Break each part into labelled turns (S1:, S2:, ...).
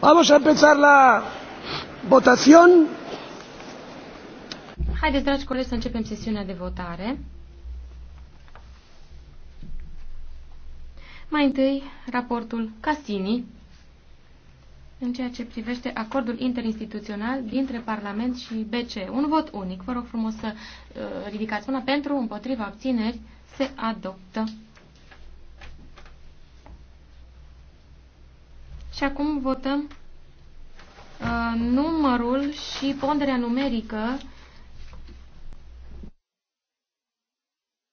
S1: Vamos a empezar la votación. Haideți, dragi colegi, să începem sesiunea de votare. Mai întâi, raportul Casini în ceea ce privește acordul interinstituțional dintre Parlament și BCE. Un vot unic. Vă rog frumos să uh, ridicați mâna pentru, împotriva, abțineri, se adoptă. Și acum votăm uh, numărul și ponderea numerică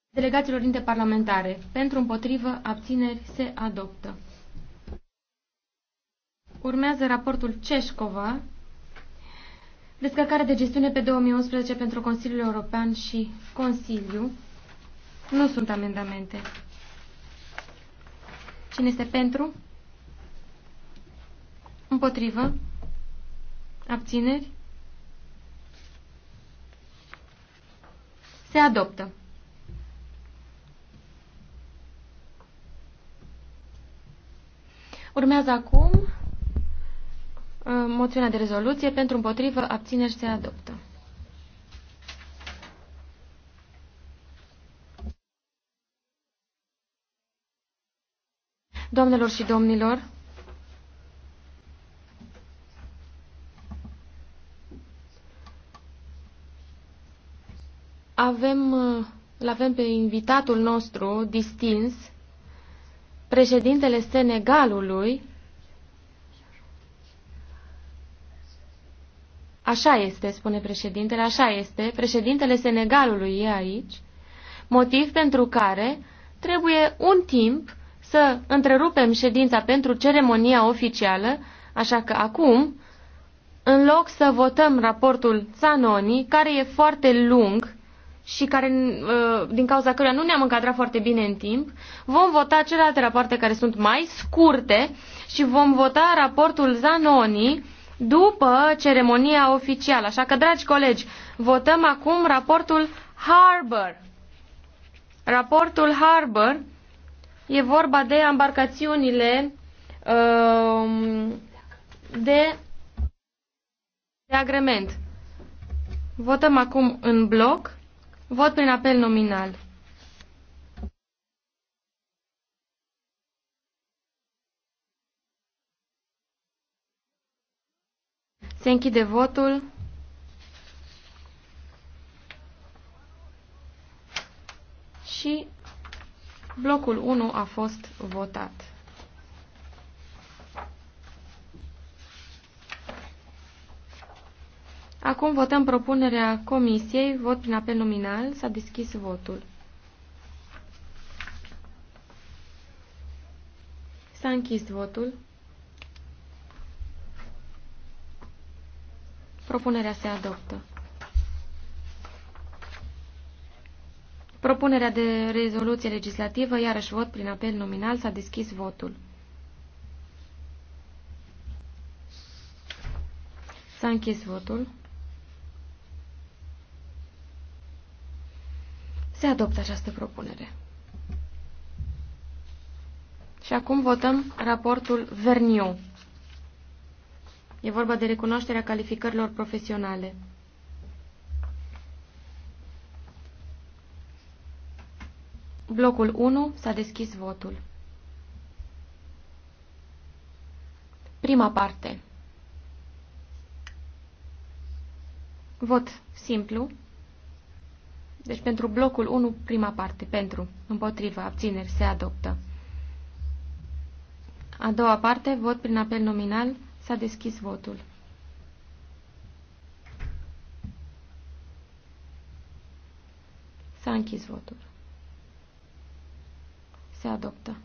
S1: delegațiilor interparlamentare. Pentru împotrivă, abțineri se adoptă. Urmează raportul Ceșcova, descărcare de gestiune pe 2011 pentru Consiliul European și Consiliu. Nu sunt amendamente. Cine este pentru? Împotrivă. Abțineri. Se adoptă. Urmează acum uh, moțiunea de rezoluție pentru împotrivă abțineri se adoptă. Doamnelor și domnilor, avem, uh, îl avem pe invitatul nostru distins, președintele Senegalului. Așa este, spune președintele, așa este, președintele Senegalului e aici, motiv pentru care trebuie un timp să întrerupem ședința pentru ceremonia oficială, așa că acum, în loc să votăm raportul Zanoni, care e foarte lung, și care, uh, din cauza căruia nu ne-am încadrat foarte bine în timp, vom vota celelalte rapoarte care sunt mai scurte și vom vota raportul Zanoni după ceremonia oficială. Așa că, dragi colegi, votăm acum raportul Harbour. Raportul Harbour e vorba de embarcațiunile um, de, de agrement. Votăm acum în bloc Vot prin apel nominal. Se închide votul. Și blocul 1 a fost votat. Acum votăm propunerea comisiei. Vot prin apel nominal. S-a deschis votul. S-a închis votul. Propunerea se adoptă. Propunerea de rezoluție legislativă, iarăși vot prin apel nominal, s-a deschis votul. S-a închis votul. Se adoptă această propunere. Și acum votăm raportul Verniu. E vorba de recunoașterea calificărilor profesionale. Blocul 1 s-a deschis votul. Prima parte. Vot simplu. Deci pentru blocul 1, prima parte, pentru, împotrivă, abțineri, se adoptă. A doua parte, vot prin apel nominal, s-a deschis votul. S-a închis votul. Se adoptă.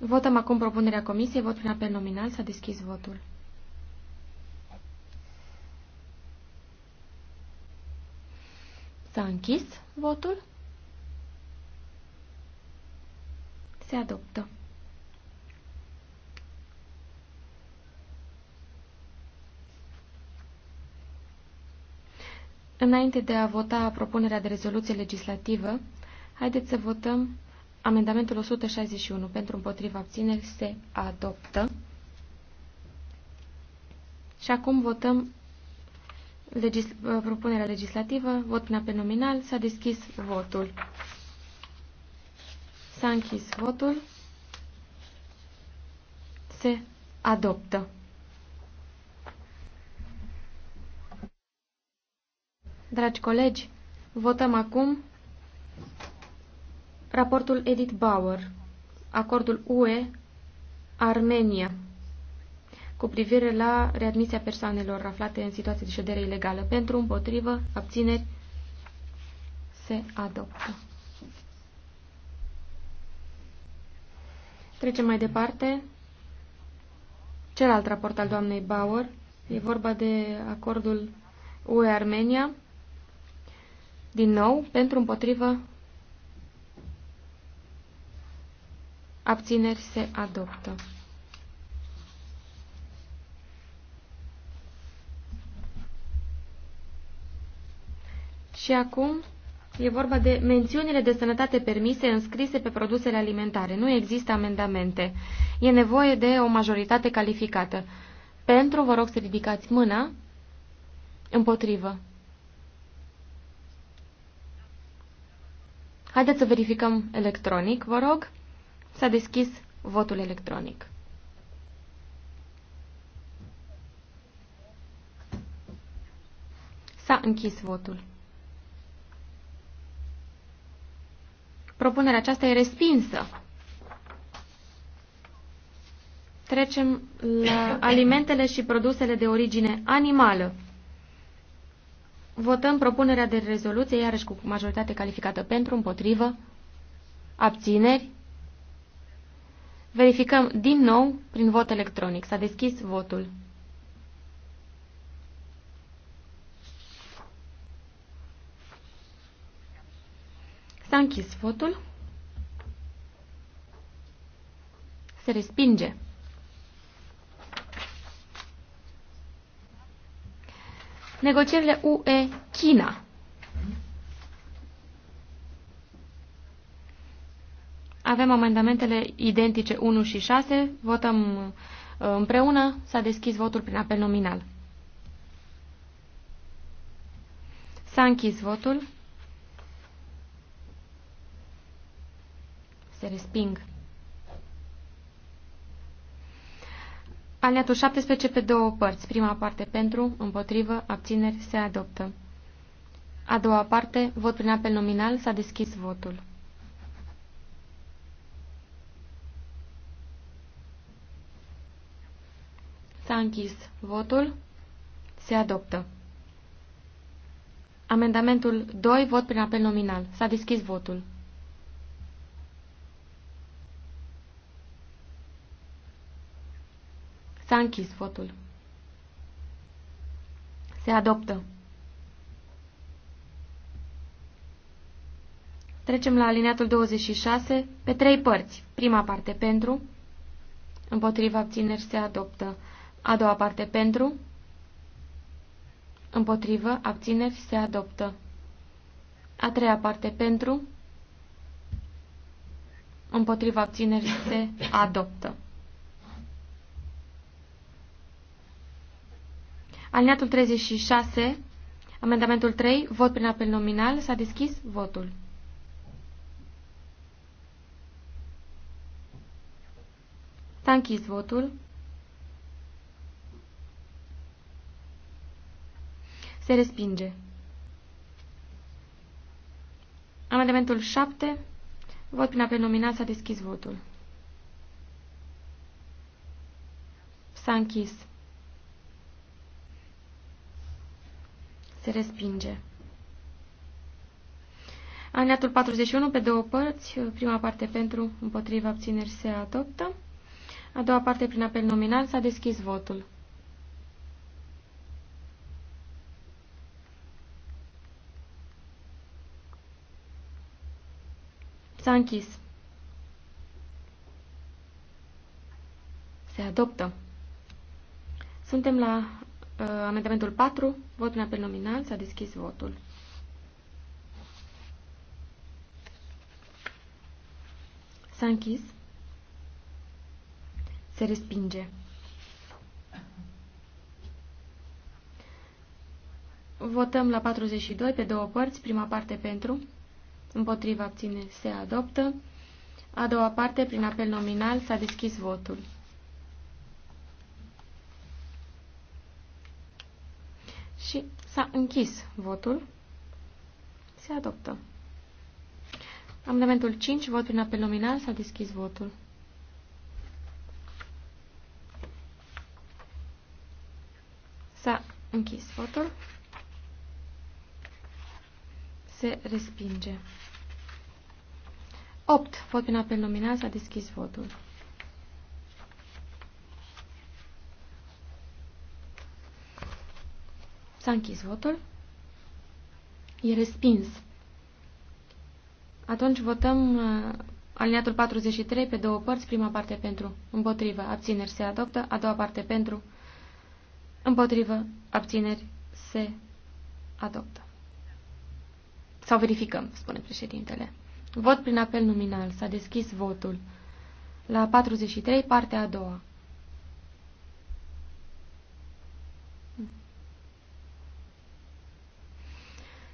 S1: Votăm acum propunerea comisiei. Vot prin apel nominal. S-a deschis votul. S-a închis votul. Se adoptă. Înainte de a vota propunerea de rezoluție legislativă, haideți să votăm Amendamentul 161 pentru împotriva abțineri se adoptă. Și acum votăm legis propunerea legislativă, vot până pe nominal, s-a deschis votul. S-a închis votul. Se adoptă. Dragi colegi, votăm acum Raportul Edith Bauer, acordul UE, Armenia, cu privire la readmisia persoanelor aflate în situație de ședere ilegală. Pentru, împotrivă, abțineri, se adoptă. Trecem mai departe. Celălalt raport al doamnei Bauer e vorba de acordul UE-Armenia. Din nou, pentru împotrivă, Abțineri se adoptă. Și acum e vorba de mențiunile de sănătate permise înscrise pe produsele alimentare. Nu există amendamente. E nevoie de o majoritate calificată. Pentru, vă rog să ridicați mâna. Împotrivă. Haideți să verificăm electronic, vă rog. S-a deschis votul electronic. S-a închis votul. Propunerea aceasta e respinsă. Trecem la alimentele și produsele de origine animală. Votăm propunerea de rezoluție, iarăși cu majoritate calificată pentru, împotrivă, abțineri, Verificăm din nou prin vot electronic. S-a deschis votul. S-a închis votul. Se respinge. Negocierile UE-China. Avem amendamentele identice 1 și 6. Votăm uh, împreună. S-a deschis votul prin apel nominal. S-a închis votul. Se resping. Aliatul 17 pe două părți. Prima parte pentru, împotrivă, abțineri, se adoptă. A doua parte, vot prin apel nominal, s-a deschis votul. închis votul. Se adoptă. Amendamentul 2, vot prin apel nominal. S-a deschis votul. S-a închis votul. Se adoptă. Trecem la alineatul 26, pe trei părți. Prima parte pentru, împotriva abțineri se adoptă. A doua parte pentru, împotrivă, abțineri, se adoptă. A treia parte pentru, împotriva abținerii se adoptă. Alineatul 36, amendamentul 3, vot prin apel nominal, s-a deschis votul. S-a închis votul. Se respinge. Amendamentul 7. Vot prin apel nominal s-a deschis votul. S-a închis. Se respinge. Alineatul 41 pe două părți, prima parte pentru, împotriva abțineri se adoptă, a doua parte prin apel nominal s-a deschis votul. S-a închis. Se adoptă. Suntem la uh, amendamentul 4, vot în apel nominal, s-a deschis votul. S-a închis. Se respinge. Votăm la 42 pe două părți, prima parte pentru, împotriva abține se adoptă. A doua parte, prin apel nominal, s-a deschis votul. Și s-a închis votul. Se adoptă. Amendamentul 5, vot prin apel nominal, s-a deschis votul. S-a închis votul se respinge. 8. Vot prin apel nominal s-a deschis votul. S-a închis votul. E respins. Atunci votăm uh, aliniatul 43 pe două părți, prima parte pentru, împotrivă, abțineri se adoptă, a doua parte pentru, împotrivă, abțineri se adoptă. Sau verificăm, spune președintele. Vot prin apel nominal. S-a deschis votul. La 43, partea a doua.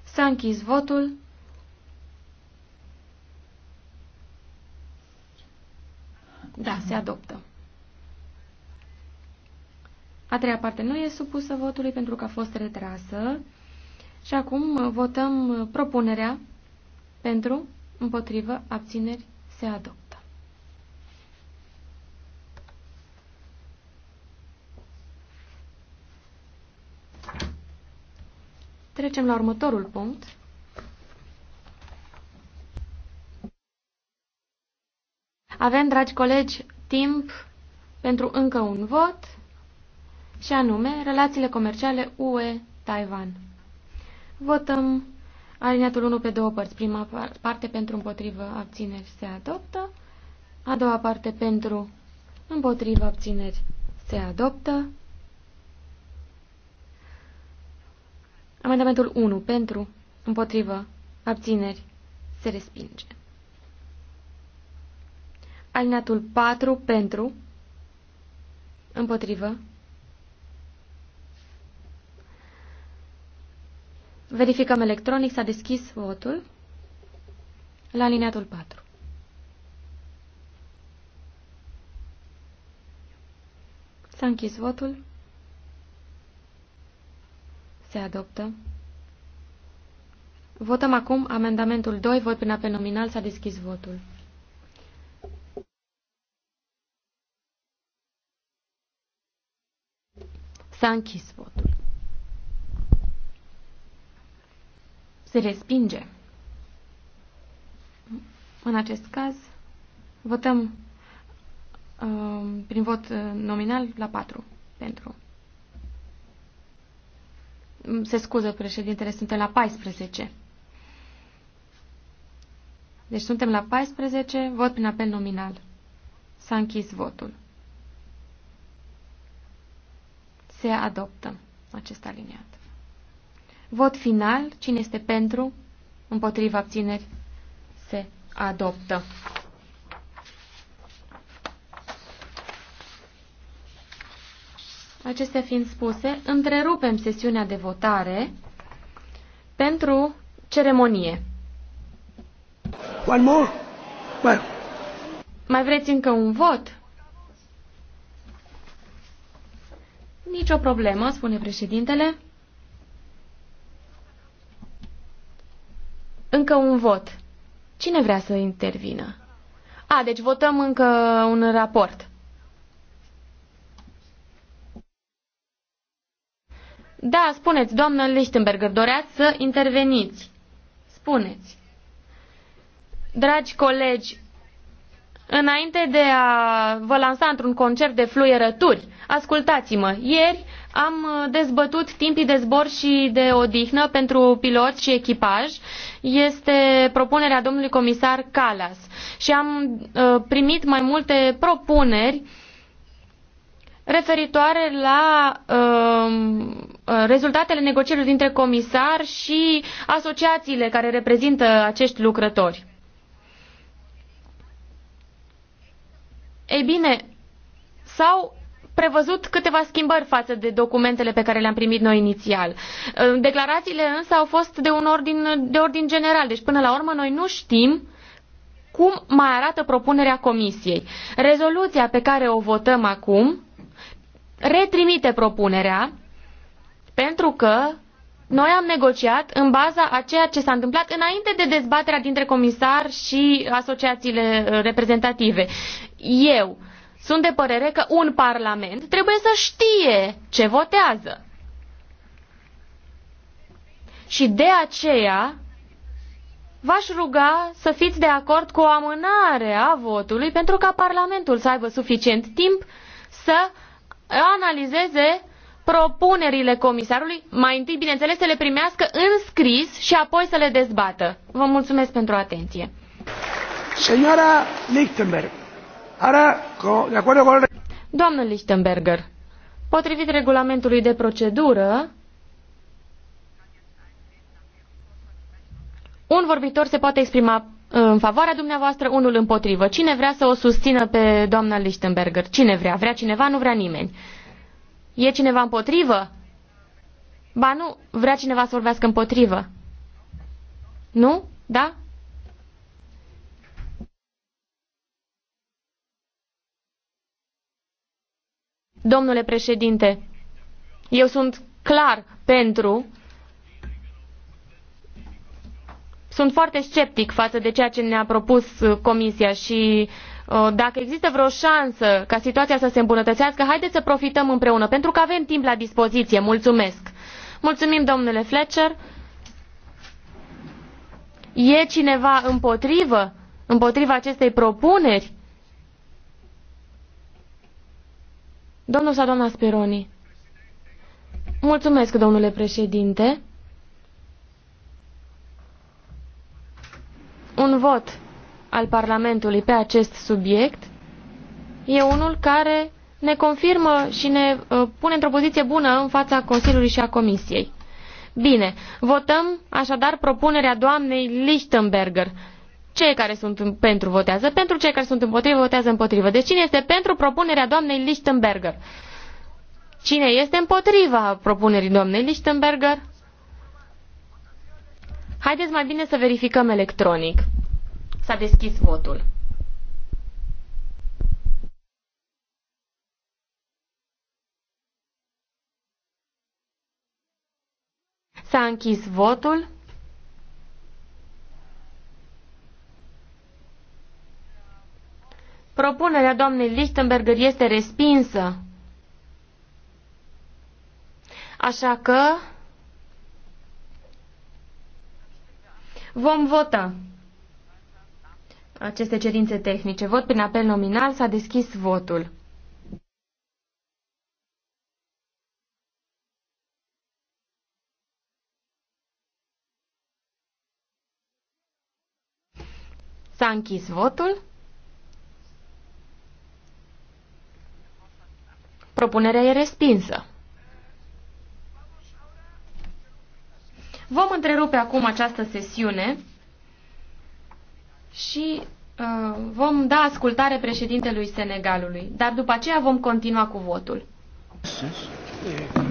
S1: S-a închis votul. Da, se adoptă. A treia parte nu e supusă votului pentru că a fost retrasă. Și acum uh, votăm uh, propunerea pentru, împotrivă, abțineri, se adoptă. Trecem la următorul punct. Avem, dragi colegi, timp pentru încă un vot, și anume relațiile comerciale UE-Taiwan. Votăm alineatul 1 pe două părți. Prima parte pentru împotrivă abțineri se adoptă. A doua parte pentru împotrivă abțineri se adoptă. Amendamentul 1 pentru împotrivă abțineri se respinge. Alineatul 4 pentru împotrivă Verificăm electronic, s-a deschis votul la alineatul 4. S-a închis votul. Se adoptă. Votăm acum amendamentul 2, vot până pe nominal, s-a deschis votul. S-a închis votul. se respinge. În acest caz, votăm uh, prin vot uh, nominal la 4 pentru. Mm, se scuză președintele, suntem la 14. Deci suntem la 14, vot prin apel nominal. S-a închis votul. Se adoptă acest aliniat. Vot final. Cine este pentru? Împotriva abțineri? Se adoptă. Acestea fiind spuse, întrerupem sesiunea de votare pentru ceremonie. One more? Well. Mai vreți încă un vot? Nicio problemă, spune președintele. Încă un vot. Cine vrea să intervină? A, deci votăm încă un raport. Da, spuneți, doamnă Lichtenberger, doreați să interveniți. Spuneți. Dragi colegi, înainte de a vă lansa într-un concert de fluierături, ascultați-mă, ieri am uh, dezbătut timpii de zbor și de odihnă pentru pilot și echipaj. Este propunerea domnului comisar Calas și am uh, primit mai multe propuneri referitoare la um, uh, rezultatele negocierilor dintre comisar și asociațiile care reprezintă acești lucrători. Ei bine, sau prevăzut câteva schimbări față de documentele pe care le-am primit noi inițial. Declarațiile însă au fost de un ordin, de ordin general, deci până la urmă noi nu știm cum mai arată propunerea Comisiei. Rezoluția pe care o votăm acum retrimite propunerea pentru că noi am negociat în baza a ceea ce s-a întâmplat înainte de dezbaterea dintre comisar și asociațiile uh, reprezentative. Eu sunt de părere că un parlament trebuie să știe ce votează. Și de aceea v-aș ruga să fiți de acord cu o amânare a votului pentru ca Parlamentul să aibă suficient timp să analizeze propunerile comisarului, mai întâi, bineînțeles, să le primească în scris și apoi să le dezbată. Vă mulțumesc pentru atenție. Senora Lichtenberg. Doamnă Lichtenberger, potrivit regulamentului de procedură, un vorbitor se poate exprima uh, în favoarea dumneavoastră, unul împotrivă. Cine vrea să o susțină pe doamna Lichtenberger? Cine vrea? Vrea cineva? Nu vrea nimeni. E cineva împotrivă? Ba nu, vrea cineva să vorbească împotrivă. Nu? Da? Domnule președinte, eu sunt clar pentru. Sunt foarte sceptic față de ceea ce ne-a propus uh, Comisia și uh, dacă există vreo șansă ca situația să se îmbunătățească, haideți să profităm împreună, pentru că avem timp la dispoziție. Mulțumesc! Mulțumim, domnule Fletcher. E cineva împotrivă? Împotriva acestei propuneri? Domnul sau doamna Speroni? Mulțumesc, domnule președinte. Un vot al Parlamentului pe acest subiect e unul care ne confirmă și ne uh, pune într-o poziție bună în fața Consiliului și a Comisiei. Bine, votăm așadar propunerea doamnei Lichtenberger. Cei care sunt pentru votează pentru, cei care sunt împotrivă votează împotrivă. Deci cine este pentru propunerea doamnei Lichtenberger? Cine este împotriva propunerii doamnei Lichtenberger? Haideți mai bine să verificăm electronic. S-a deschis votul. S-a închis votul. Propunerea doamnei Lichtenberger este respinsă. Așa că vom vota aceste cerințe tehnice. Vot prin apel nominal s-a deschis votul. S-a închis votul. Propunerea e respinsă. Vom întrerupe acum această sesiune și uh, vom da ascultare președintelui Senegalului, dar după aceea vom continua cu votul. Yes,